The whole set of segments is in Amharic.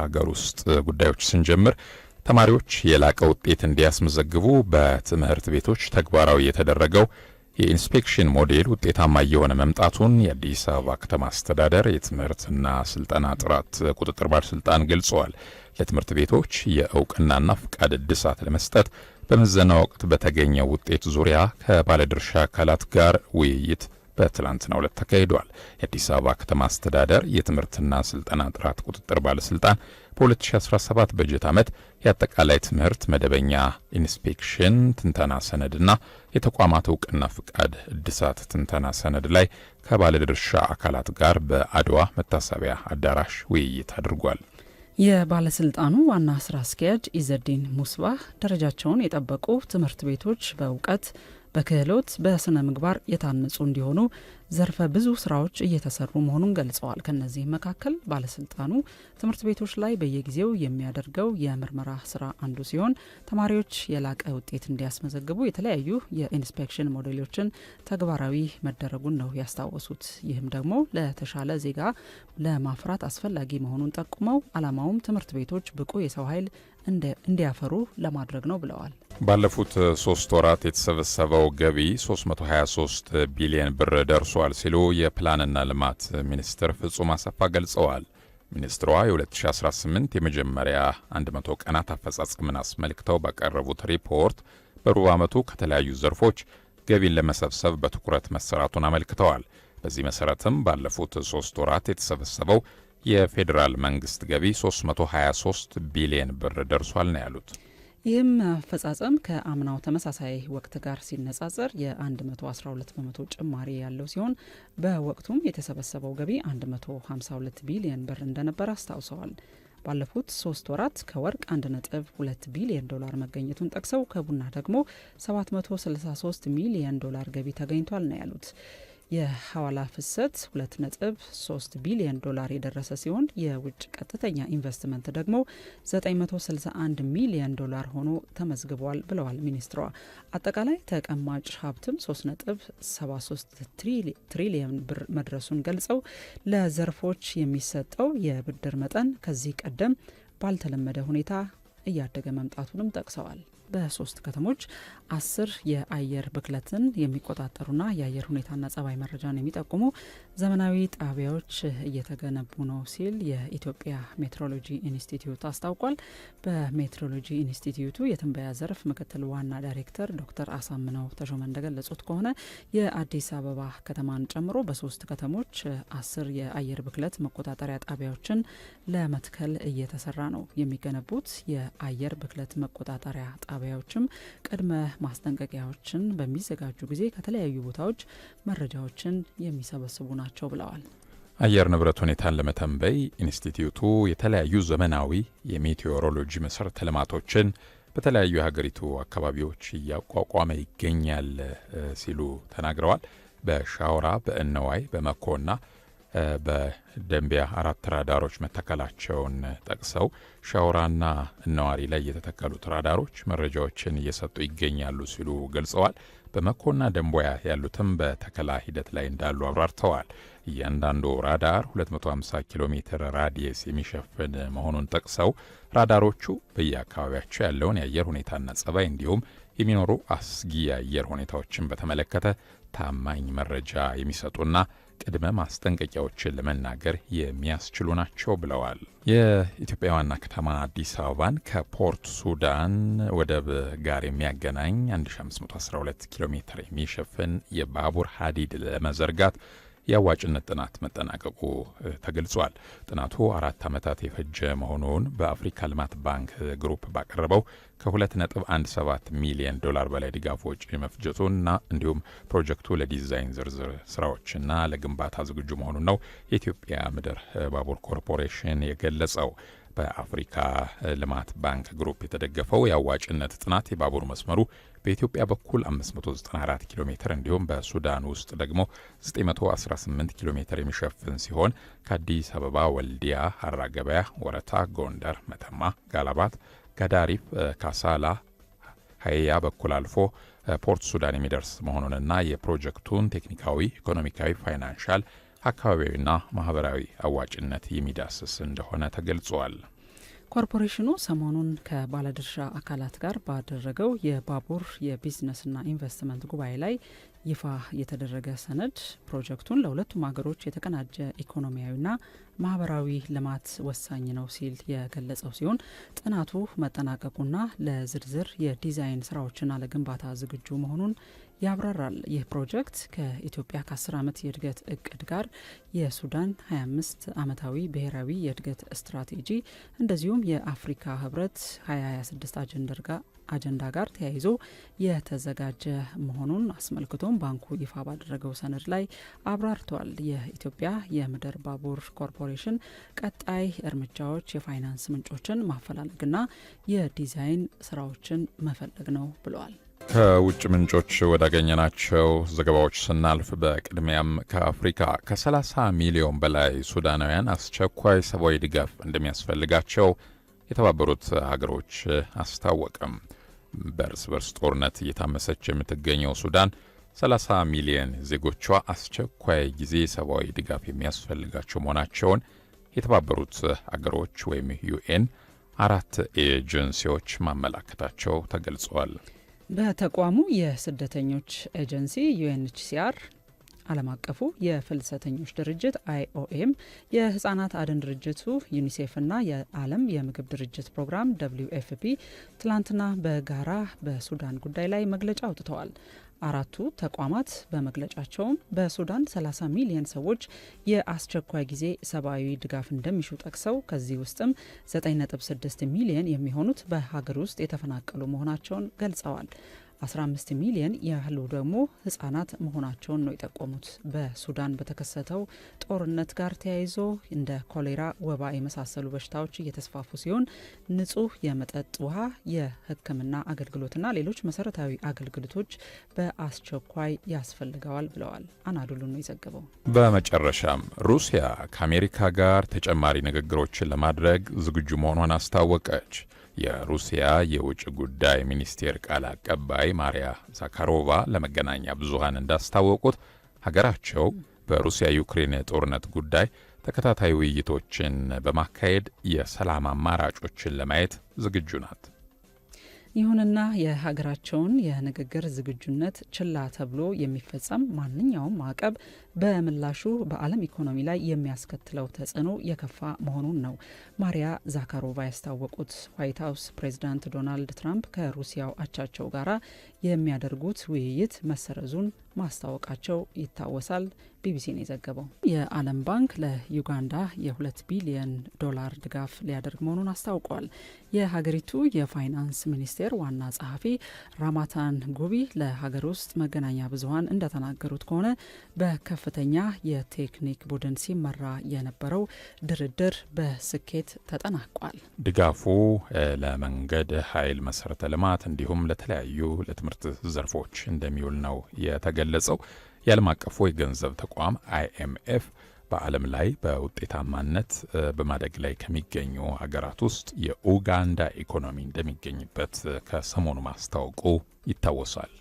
ሀገር ውስጥ ጉዳዮች ስንጀምር ተማሪዎች የላቀ ውጤት እንዲያስመዘግቡ በትምህርት ቤቶች ተግባራዊ የተደረገው የኢንስፔክሽን ሞዴል ውጤታማ እየሆነ መምጣቱን የአዲስ አበባ ከተማ አስተዳደር የትምህርትና ስልጠና ጥራት ቁጥጥር ባለስልጣን ገልጸዋል። ለትምህርት ቤቶች የእውቅናና ፍቃድ እድሳት ለመስጠት በምዘና ወቅት በተገኘው ውጤት ዙሪያ ከባለድርሻ አካላት ጋር ውይይት በትላንትናው ዕለት ተካሂደዋል። የአዲስ አበባ ከተማ አስተዳደር የትምህርትና ስልጠና ጥራት ቁጥጥር ባለስልጣን በ2017 በጀት ዓመት የአጠቃላይ ትምህርት መደበኛ ኢንስፔክሽን ትንተና ሰነድና የተቋማት እውቅና ፍቃድ እድሳት ትንተና ሰነድ ላይ ከባለድርሻ አካላት ጋር በአድዋ መታሰቢያ አዳራሽ ውይይት አድርጓል። የባለስልጣኑ ዋና ስራ አስኪያጅ ኢዘዲን ሙስባህ ደረጃቸውን የጠበቁ ትምህርት ቤቶች በእውቀት በክህሎት በስነ ምግባር የታነጹ እንዲሆኑ ዘርፈ ብዙ ስራዎች እየተሰሩ መሆኑን ገልጸዋል። ከነዚህም መካከል ባለስልጣኑ ትምህርት ቤቶች ላይ በየጊዜው የሚያደርገው የምርመራ ስራ አንዱ ሲሆን ተማሪዎች የላቀ ውጤት እንዲያስመዘግቡ የተለያዩ የኢንስፔክሽን ሞዴሎችን ተግባራዊ መደረጉን ነው ያስታወሱት። ይህም ደግሞ ለተሻለ ዜጋ ለማፍራት አስፈላጊ መሆኑን ጠቁመው አላማውም ትምህርት ቤቶች ብቁ የሰው ኃይል እንዲያፈሩ ለማድረግ ነው ብለዋል። ባለፉት ሶስት ወራት የተሰበሰበው ገቢ 323 ቢሊዮን ብር ደርሷል ሲሉ የፕላንና ልማት ሚኒስትር ፍጹም አሰፋ ገልጸዋል። ሚኒስትሯ የ2018 የመጀመሪያ 100 ቀናት አፈጻጸምን አስመልክተው ባቀረቡት ሪፖርት በሩብ ዓመቱ ከተለያዩ ዘርፎች ገቢን ለመሰብሰብ በትኩረት መሰራቱን አመልክተዋል። በዚህ መሠረትም ባለፉት ሶስት ወራት የተሰበሰበው የፌዴራል መንግሥት ገቢ 323 ቢሊዮን ብር ደርሷል ነው ያሉት። ይህም አፈጻጸም ከአምናው ተመሳሳይ ወቅት ጋር ሲነጻጸር የ112 በመቶ ጭማሪ ያለው ሲሆን በወቅቱም የተሰበሰበው ገቢ 152 ቢሊየን ብር እንደነበር አስታውሰዋል። ባለፉት ሶስት ወራት ከወርቅ 1.2 ቢሊየን ዶላር መገኘቱን ጠቅሰው ከቡና ደግሞ 763 ሚሊየን ዶላር ገቢ ተገኝቷል ነው ያሉት። የሐዋላ ፍሰት 2.3 ቢሊዮን ዶላር የደረሰ ሲሆን የውጭ ቀጥተኛ ኢንቨስትመንት ደግሞ 961 ሚሊዮን ዶላር ሆኖ ተመዝግቧል ብለዋል ሚኒስትሯ። አጠቃላይ ተቀማጭ ሀብትም 3.73 ትሪሊየን ብር መድረሱን ገልጸው ለዘርፎች የሚሰጠው የብድር መጠን ከዚህ ቀደም ባልተለመደ ሁኔታ እያደገ መምጣቱንም ጠቅሰዋል። በሶስት ከተሞች አስር የአየር ብክለትን የሚቆጣጠሩና የአየር ሁኔታና ጸባይ መረጃን የሚጠቁሙ ዘመናዊ ጣቢያዎች እየተገነቡ ነው ሲል የኢትዮጵያ ሜትሮሎጂ ኢንስቲትዩት አስታውቋል። በሜትሮሎጂ ኢንስቲትዩቱ የትንበያ ዘርፍ ምክትል ዋና ዳይሬክተር ዶክተር አሳምነው ተሾመ እንደገለጹት ከሆነ የአዲስ አበባ ከተማን ጨምሮ በሶስት ከተሞች አስር የአየር ብክለት መቆጣጠሪያ ጣቢያዎችን ለመትከል እየተሰራ ነው። የሚገነቡት የአየር ብክለት መቆጣጠሪያ ጣቢያዎችም ቅድመ ማስጠንቀቂያዎችን በሚዘጋጁ ጊዜ ከተለያዩ ቦታዎች መረጃዎችን የሚሰበስቡ ናቸው። ናቸው ብለዋል። አየር ንብረት ሁኔታን ለመተንበይ ኢንስቲትዩቱ የተለያዩ ዘመናዊ የሜቴዎሮሎጂ መሰረተ ልማቶችን በተለያዩ የሀገሪቱ አካባቢዎች እያቋቋመ ይገኛል ሲሉ ተናግረዋል። በሻውራ በእነዋይ በመኮና በደንቢያ አራት ራዳሮች መተከላቸውን ጠቅሰው ሻውራና ነዋሪ ላይ የተተከሉት ራዳሮች መረጃዎችን እየሰጡ ይገኛሉ ሲሉ ገልጸዋል። በመኮና ደንቦያ ያሉትም በተከላ ሂደት ላይ እንዳሉ አብራርተዋል። እያንዳንዱ ራዳር 250 ኪሎ ሜትር ራዲየስ የሚሸፍን መሆኑን ጠቅሰው ራዳሮቹ በየአካባቢያቸው ያለውን የአየር ሁኔታና ጸባይ እንዲሁም የሚኖሩ አስጊ የአየር ሁኔታዎችን በተመለከተ ታማኝ መረጃ የሚሰጡና ቅድመ ማስጠንቀቂያዎችን ለመናገር የሚያስችሉ ናቸው ብለዋል። የኢትዮጵያ ዋና ከተማ አዲስ አበባን ከፖርት ሱዳን ወደብ ጋር የሚያገናኝ 1512 ኪሎ ሜትር የሚሸፍን የባቡር ሀዲድ ለመዘርጋት የአዋጭነት ጥናት መጠናቀቁ ተገልጿል። ጥናቱ አራት ዓመታት የፈጀ መሆኑን በአፍሪካ ልማት ባንክ ግሩፕ ባቀረበው ከ2.17 ሚሊዮን ዶላር በላይ ድጋፍ ወጪ መፍጀቱና እንዲሁም ፕሮጀክቱ ለዲዛይን ዝርዝር ስራዎችና ለግንባታ ዝግጁ መሆኑን ነው የኢትዮጵያ ምድር ባቡር ኮርፖሬሽን የገለጸው። በአፍሪካ ልማት ባንክ ግሩፕ የተደገፈው የአዋጭነት ጥናት የባቡር መስመሩ በኢትዮጵያ በኩል 594 ኪሎ ሜትር እንዲሁም በሱዳን ውስጥ ደግሞ 918 ኪሎ ሜትር የሚሸፍን ሲሆን ከአዲስ አበባ ወልዲያ፣ ሀራ ገበያ፣ ወረታ፣ ጎንደር፣ መተማ፣ ጋላባት፣ ጋዳሪፍ፣ ካሳላ፣ ሀያ በኩል አልፎ ፖርት ሱዳን የሚደርስ መሆኑንና የፕሮጀክቱን ቴክኒካዊ፣ ኢኮኖሚካዊ፣ ፋይናንሻል አካባቢያዊና ማህበራዊ አዋጭነት የሚዳስስ እንደሆነ ተገልጿል። ኮርፖሬሽኑ ሰሞኑን ከባለድርሻ አካላት ጋር ባደረገው የባቡር የቢዝነስና ኢንቨስትመንት ጉባኤ ላይ ይፋ የተደረገ ሰነድ ፕሮጀክቱን ለሁለቱም ሀገሮች የተቀናጀ ኢኮኖሚያዊና ማህበራዊ ልማት ወሳኝ ነው ሲል የገለጸው ሲሆን ጥናቱ መጠናቀቁና ለዝርዝር የዲዛይን ስራዎችና ለግንባታ ዝግጁ መሆኑን ያብራራል። ይህ ፕሮጀክት ከኢትዮጵያ ከ10 ዓመት የእድገት እቅድ ጋር የሱዳን 25 ዓመታዊ ብሔራዊ የእድገት ስትራቴጂ እንደዚሁም የአፍሪካ ህብረት 2026 አጀንደር ጋር አጀንዳ ጋር ተያይዞ የተዘጋጀ መሆኑን አስመልክቶም ባንኩ ይፋ ባደረገው ሰነድ ላይ አብራርቷል። የኢትዮጵያ የምድር ባቡር ኮርፖሬሽን ቀጣይ እርምጃዎች የፋይናንስ ምንጮችን ማፈላለግና የዲዛይን ስራዎችን መፈለግ ነው ብለዋል። ከውጭ ምንጮች ወዳገኘናቸው ዘገባዎች ስናልፍ በቅድሚያም ከአፍሪካ ከ30 ሚሊዮን በላይ ሱዳናውያን አስቸኳይ ሰብአዊ ድጋፍ እንደሚያስፈልጋቸው የተባበሩት አገሮች አስታወቀም። በእርስ በርስ ጦርነት እየታመሰች የምትገኘው ሱዳን 30 ሚሊዮን ዜጎቿ አስቸኳይ ጊዜ ሰብአዊ ድጋፍ የሚያስፈልጋቸው መሆናቸውን የተባበሩት አገሮች ወይም ዩኤን አራት ኤጀንሲዎች ማመላከታቸው ተገልጸዋል። በተቋሙ የስደተኞች ኤጀንሲ ዩኤንኤችሲአር ዓለም አቀፉ የፍልሰተኞች ድርጅት አይኦኤም የህጻናት አድን ድርጅቱ ዩኒሴፍና የዓለም የምግብ ድርጅት ፕሮግራም ደብልዩ ኤፍፒ ትላንትና በጋራ በሱዳን ጉዳይ ላይ መግለጫ አውጥተዋል። አራቱ ተቋማት በመግለጫቸውም በሱዳን 30 ሚሊዮን ሰዎች የአስቸኳይ ጊዜ ሰብአዊ ድጋፍ እንደሚሹ ጠቅሰው ከዚህ ውስጥም 9.6 ሚሊዮን የሚሆኑት በሀገር ውስጥ የተፈናቀሉ መሆናቸውን ገልጸዋል። 15 ሚሊየን ያህሉ ደግሞ ህጻናት መሆናቸውን ነው የጠቆሙት። በሱዳን በተከሰተው ጦርነት ጋር ተያይዞ እንደ ኮሌራ፣ ወባ የመሳሰሉ በሽታዎች እየተስፋፉ ሲሆን ንጹህ የመጠጥ ውሃ፣ የህክምና አገልግሎትና ሌሎች መሰረታዊ አገልግሎቶች በአስቸኳይ ያስፈልገዋል ብለዋል። አናዱሉ ነው የዘገበው። በመጨረሻም ሩሲያ ከአሜሪካ ጋር ተጨማሪ ንግግሮችን ለማድረግ ዝግጁ መሆኗን አስታወቀች። የሩሲያ የውጭ ጉዳይ ሚኒስቴር ቃል አቀባይ ማሪያ ዛካሮቫ ለመገናኛ ብዙሃን እንዳስታወቁት ሀገራቸው በሩሲያ ዩክሬን ጦርነት ጉዳይ ተከታታይ ውይይቶችን በማካሄድ የሰላም አማራጮችን ለማየት ዝግጁ ናት። ይሁንና የሀገራቸውን የንግግር ዝግጁነት ችላ ተብሎ የሚፈጸም ማንኛውም ማዕቀብ በምላሹ በዓለም ኢኮኖሚ ላይ የሚያስከትለው ተጽዕኖ የከፋ መሆኑን ነው ማሪያ ዛካሮቫ ያስታወቁት። ዋይት ሀውስ ፕሬዚዳንት ዶናልድ ትራምፕ ከሩሲያው አቻቸው ጋራ የሚያደርጉት ውይይት መሰረዙን ማስታወቃቸው ይታወሳል። ቢቢሲ ነው የዘገበው። የዓለም ባንክ ለዩጋንዳ የሁለት ቢሊየን ዶላር ድጋፍ ሊያደርግ መሆኑን አስታውቋል። የሀገሪቱ የፋይናንስ ሚኒስቴር ዋና ጸሐፊ ራማታን ጉቢ ለሀገር ውስጥ መገናኛ ብዙኃን እንደተናገሩት ከሆነ በከፍተኛ የቴክኒክ ቡድን ሲመራ የነበረው ድርድር በስኬት ተጠናቋል። ድጋፉ ለመንገድ ኃይል፣ መሰረተ ልማት እንዲሁም ለተለያዩ ለትምህርት ዘርፎች እንደሚውል ነው የተገለጸው። የዓለም አቀፉ የገንዘብ ተቋም አይኤምኤፍ በዓለም ላይ በውጤታማነት በማደግ ላይ ከሚገኙ ሀገራት ውስጥ የኡጋንዳ ኢኮኖሚ እንደሚገኝበት ከሰሞኑ ማስታወቁ ይታወሳል።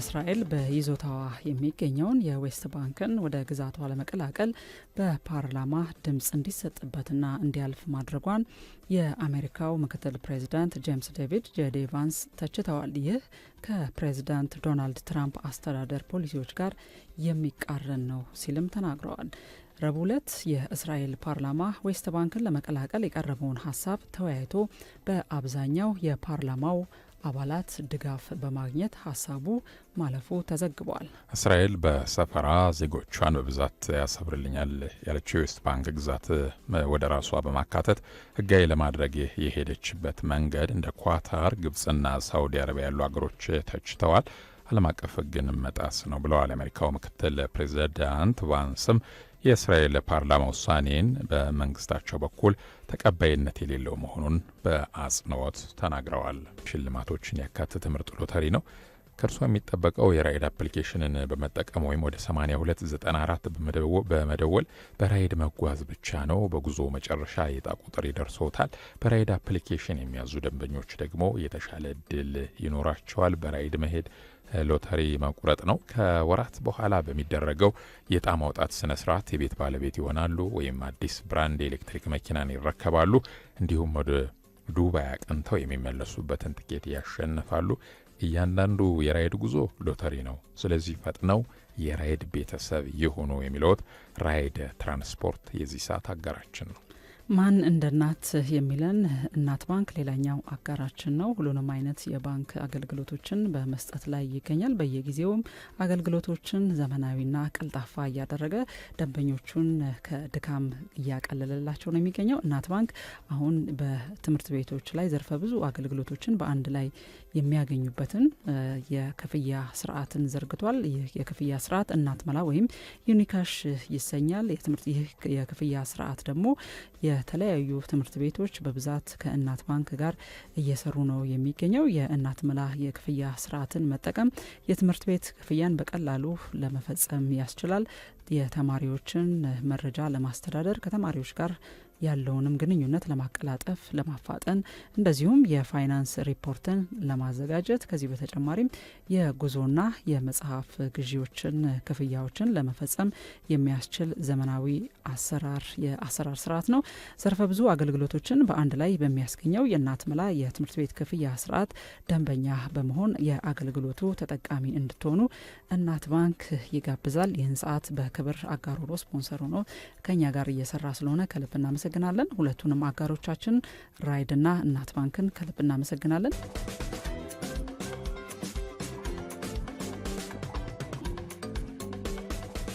እስራኤል በይዞታዋ የሚገኘውን የዌስት ባንክን ወደ ግዛቷ ለመቀላቀል በፓርላማ ድምፅ እንዲሰጥበትና እንዲያልፍ ማድረጓን የአሜሪካው ምክትል ፕሬዚዳንት ጄምስ ዴቪድ ጄዲ ቫንስ ተችተዋል። ይህ ከፕሬዚዳንት ዶናልድ ትራምፕ አስተዳደር ፖሊሲዎች ጋር የሚቃረን ነው ሲልም ተናግረዋል። ረቡዕ ዕለት የእስራኤል ፓርላማ ዌስት ባንክን ለመቀላቀል የቀረበውን ሀሳብ ተወያይቶ በአብዛኛው የፓርላማው አባላት ድጋፍ በማግኘት ሀሳቡ ማለፉ ተዘግቧል። እስራኤል በሰፈራ ዜጎቿን በብዛት ያሰፍርልኛል ያለችው የዌስት ባንክ ግዛት ወደ ራሷ በማካተት ሕጋዊ ለማድረግ የሄደችበት መንገድ እንደ ኳታር፣ ግብጽና ሳውዲ አረቢያ ያሉ አገሮች ተችተዋል። ዓለም አቀፍ ህግን መጣስ ነው ብለዋል። የአሜሪካው ምክትል ፕሬዚዳንት ቫንስም የእስራኤል ፓርላማ ውሳኔን በመንግስታቸው በኩል ተቀባይነት የሌለው መሆኑን በአጽንኦት ተናግረዋል። ሽልማቶችን ያካትት ምርጥ ሎተሪ ነው። ከእርሷ የሚጠበቀው የራይድ አፕሊኬሽንን በመጠቀም ወይም ወደ 8294 በመደወል በራይድ መጓዝ ብቻ ነው። በጉዞ መጨረሻ የዕጣ ቁጥር ይደርሶታል። በራይድ አፕሊኬሽን የሚያዙ ደንበኞች ደግሞ የተሻለ እድል ይኖራቸዋል። በራይድ መሄድ ሎተሪ መቁረጥ ነው። ከወራት በኋላ በሚደረገው የዕጣ ማውጣት ስነ ስርዓት የቤት ባለቤት ይሆናሉ፣ ወይም አዲስ ብራንድ የኤሌክትሪክ መኪናን ይረከባሉ። እንዲሁም ወደ ዱባይ አቅንተው የሚመለሱበትን ትኬት ያሸንፋሉ። እያንዳንዱ የራይድ ጉዞ ሎተሪ ነው። ስለዚህ ፈጥነው የራይድ ቤተሰብ ይሁኑ። የሚለውት ራይድ ትራንስፖርት የዚህ ሰዓት አጋራችን ነው። ማን እንደ እናት የሚለን እናት ባንክ ሌላኛው አጋራችን ነው። ሁሉንም አይነት የባንክ አገልግሎቶችን በመስጠት ላይ ይገኛል። በየጊዜውም አገልግሎቶችን ዘመናዊና ቀልጣፋ እያደረገ ደንበኞቹን ከድካም እያቀለለላቸው ነው የሚገኘው። እናት ባንክ አሁን በትምህርት ቤቶች ላይ ዘርፈ ብዙ አገልግሎቶችን በአንድ ላይ የሚያገኙበትን የክፍያ ስርዓትን ዘርግቷል። ይህ የክፍያ ስርዓት እናት መላ ወይም ዩኒካሽ ይሰኛል። ይህ የክፍያ ስርዓት ደግሞ የተለያዩ ትምህርት ቤቶች በብዛት ከእናት ባንክ ጋር እየሰሩ ነው የሚገኘው። የእናት መላ የክፍያ ስርዓትን መጠቀም የትምህርት ቤት ክፍያን በቀላሉ ለመፈጸም ያስችላል። የተማሪዎችን መረጃ ለማስተዳደር ከተማሪዎች ጋር ያለውንም ግንኙነት ለማቀላጠፍ ለማፋጠን፣ እንደዚሁም የፋይናንስ ሪፖርትን ለማዘጋጀት ከዚህ በተጨማሪም የጉዞና የመጽሐፍ ግዢዎችን ክፍያዎችን ለመፈጸም የሚያስችል ዘመናዊ አሰራር የአሰራር ስርዓት ነው። ዘርፈ ብዙ አገልግሎቶችን በአንድ ላይ በሚያስገኘው የእናት መላ የትምህርት ቤት ክፍያ ስርዓት ደንበኛ በመሆን የአገልግሎቱ ተጠቃሚ እንድትሆኑ እናት ባንክ ይጋብዛል። ይህን ሰዓት በክብር አጋር ሆኖ ስፖንሰር ሆኖ ከኛ ጋር እየሰራ ስለሆነ ከልብ እናመሰግናል። እናመሰግናለን። ሁለቱንም አጋሮቻችን ራይድና እናት ባንክን ከልብ እናመሰግናለን።